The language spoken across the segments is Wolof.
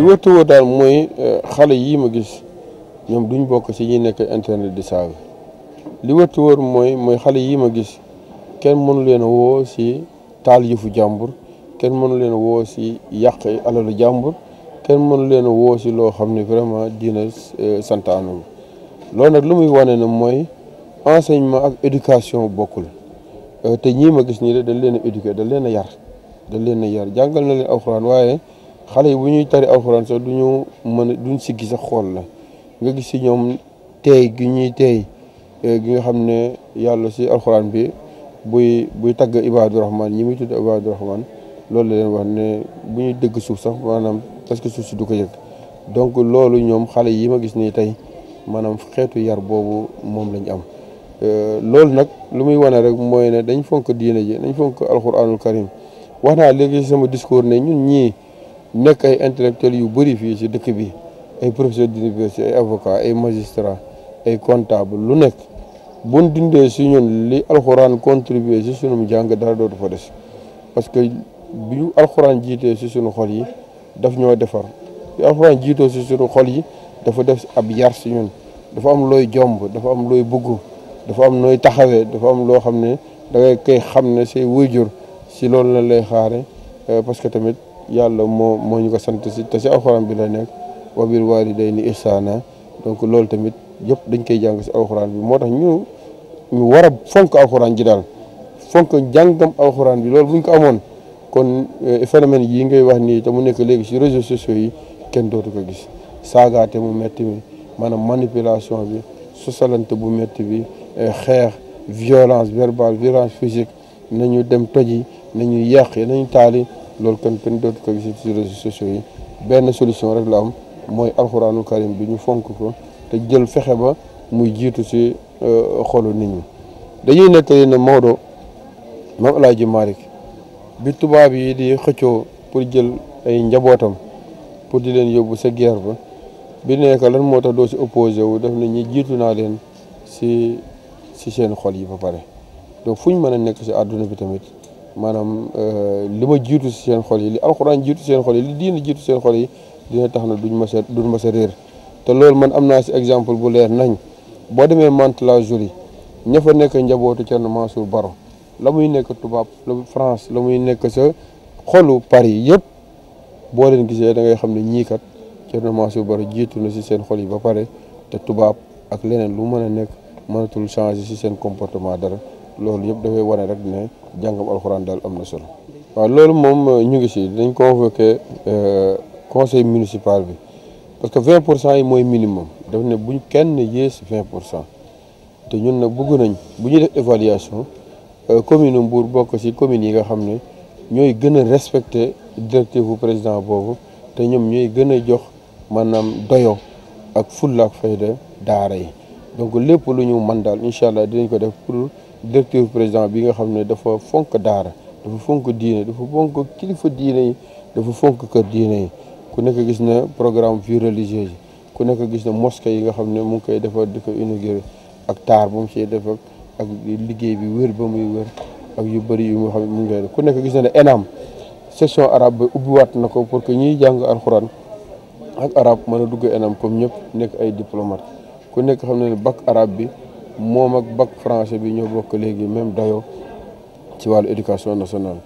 li wër te daal mooy euh, xale yii ma gis ñoom duñ bokk ci ñi nekk internet di saaga li wër te mooy mooy xale yii ma gis kenn mënu leen woo ci taal yëfu jàmbur kenn mënu leen woo ci yàq alalu jàmbur kenn mënu leen woo ci loo xam ne vraiment dina euh, santaanul loolu nag lu muy wane na mooy enseignement ak éducation bokkul euh, te ñii ma gis nii rek dañ leen a dal leen a yar dañ leen a yar jàngal na leen alxuraan waaye xale yi bu ñuy tari alxuraan sax du ñu mën a duñ siggi sax xool la nga gis si ñoom teey gi ñuy teey eh, gi nga xam ne yàlla si alxuraan bi buy buy tagg ibaadu rahman ñi muy tudd ibaadu rahman loolu la leen wax ne bu ñuy dëgg suuf sax maanaam parce que suuf si donc loolu ñoom xale yi ma gis nii tey maanaam xeetu yar boobu moom lañ am eh, loolu nag lu muy wane rek mooy ne dañ fonk diine ji dañ fonk alxuraanul karim wax naa léegi sama discours ne ñun ñii nekk ay intellectuels yu bëri fii si dëkk bi ay professeur d'université ay avocat ay magistrat ay comptable lu nekk bu buñ dindee si ñun li alxuraan contribuer si sunu jàng dara dootu fa des parce que bi alxuraan jiitee si sunu xol yi daf ñoo defar bi jiitoo si sunu xol yi dafa def ab yar si ñun dafa am looy jomb dafa am looy bëgg dafa am nooy taxawee dafa am loo xam ne da ngay koy xam ne say wëyjur si loolu la lay xaare euh, parce que tamit yàlla moo moo ñu ko sant si te si alxuraan bi la nekk wa bil ni ihsaana donc loolu tamit yëpp dañ koy jàng si alxuraan bi moo tax ñu ñu war a fonk alxuraan ji daal fonk jàngam alxuraan bi loolu buñ ko amoon kon euh, phénomène yi ngay wax nii te mu nekk léegi si réseaux sociaux yi kenn dootu ko gis saagaate mu métti mi maanaam manipulation bi sosalante bu metti bi euh, xeex violence verbale violence physique nañu dem toji nañu yàq nañu taali loolu kenn dootu ko gis ci réseaux sociaux yi benn solution rek la am mooy alxuraanul karim bi ñu fonk ko te jël fexe ba muy jiitu ci euh, xolu nit ñi dañuy nettali ne Maodo moom El Hadj Malick bi tubaab yi di xëccoo pour jël ay njabootam pour di leen yóbbu sa guerre ba bi nekk lan moo tax doo ci opposé wu daf ne ñi jiitu naa leen ci ci seen xol yi ba pare donc fu ñu mën a nekk si àdduna bi tamit. maanaam euh, li ma jiitu si seen xol yi li alxuraan jiitu seen xol yi li diina jiitu seen xol yi dina tax na duñ mas a duñ mas a réer te loolu man am naa si exemple bu leer nañ boo demee Mantes-la-Jolie ña fa nekk njabootu Thierno Mansour Baro la muy nekk tubaab la France la muy nekk sa xolu Paris yëpp boo leen gisee da ngay xam ne ñii kat Thierno Mansour Baro jiitu na si seen xol yi ba pare te tubaab ak leneen lu mën a nekk mënatul changer si seen comportement dara loolu yëpp dafay wane rek ne jàngam alxuraan daal am na solo waaw loolu moom euh, ñu ngi si dañ convoqué euh, conseil municipal bi parce que vingt pour cent yi mooy minimum daf ne buñ kenn yées vingt pour cent te ñun nag bëgg nañ bu ñuy def évaluation euh, commune Mbour bokk si commune yi nga xam ne ñooy gën a respecté directive bu président boobu te ñoom ñooy gën a jox maanaam doyo ak fulla ak fayda daara yi donc lépp lu ñu mën daal incha allah dinañ ko def pour directeur président bi nga xam ne dafa fonk daara dafa fonk diine dafa fonk kilifa diine yi dafa fonk kër diine yi ku nekk gis na programme vie yi ku nekk gis na mosquée yi nga xam ne mu ngi koy defar di ko inauguré ak taar bu mu siy def ak liggéey bi wër ba muy wër ak yu bëri yu nga xam ne mu ngi koy def ku nekk gis na ne ENAM section arabe ba ubbiwaat na ko pour que ñuy jàng alxuraan ak arabe mën a dugg ENAM comme ñëpp nekk ay diplomate ku nekk xam ne ni bac arabe bi. moom ak bac français bi ñoo bokk léegi même dayoo ci wàllu éducation nationale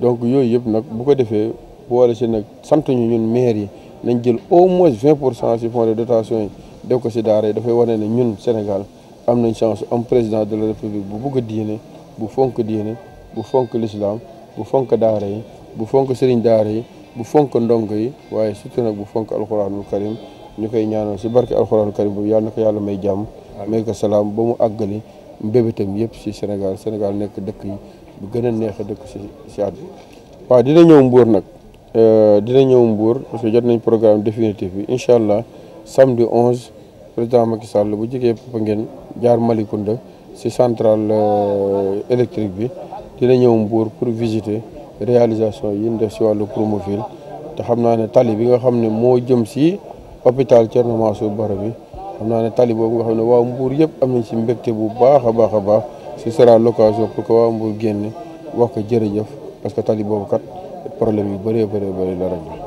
donc yooyu yëpp nag bu ko defee boole si nag sant ñu ñun maire yi nañ jël au moins vingt pour cent si fonds de dotation yi def ko si daara yi dafay wane ne ñun Sénégal am nañ chance am président de la république bu bugg a diine bu fonk diine bu fonk l'islam bu fonk daara yi bu fonk sëriñ daara yi bu fonk ndongo yi waaye surtout nag bu fonk alxuraanul karim ñu koy ñaanal si barke alxuraanul karim boobu yàlla na ko yàlla may jàmm aleyka salaam ba mu àggali mbébétam yëpp si Sénégal Sénégal nekk dëkk yi bu gën a neex dëkk si si at waaw dina ñëw Mbour nag euh, dina ñëw Mbour parce que jot nañ programme définitif bi incha allah samedi onze président Macky Sall bu jigee ngeen jaar Malicounda si centrale euh, électrique bi dina ñëw Mbour pour visiter réalisation yi ñu def si wàllu Promoville te xam naa ne tali bi nga xam ne moo jëm si hôpital Thierno Mansour Baro bi xam naa ne tali boobu nga xam ne waaw mbuur yëpp am nañ ci mbégte bu baax a baax a baax si sera l'occasion pour que waa Mbour génne wax ko jërëjëf parce que tali boobu kat problème yu bëree bëree bëri la rek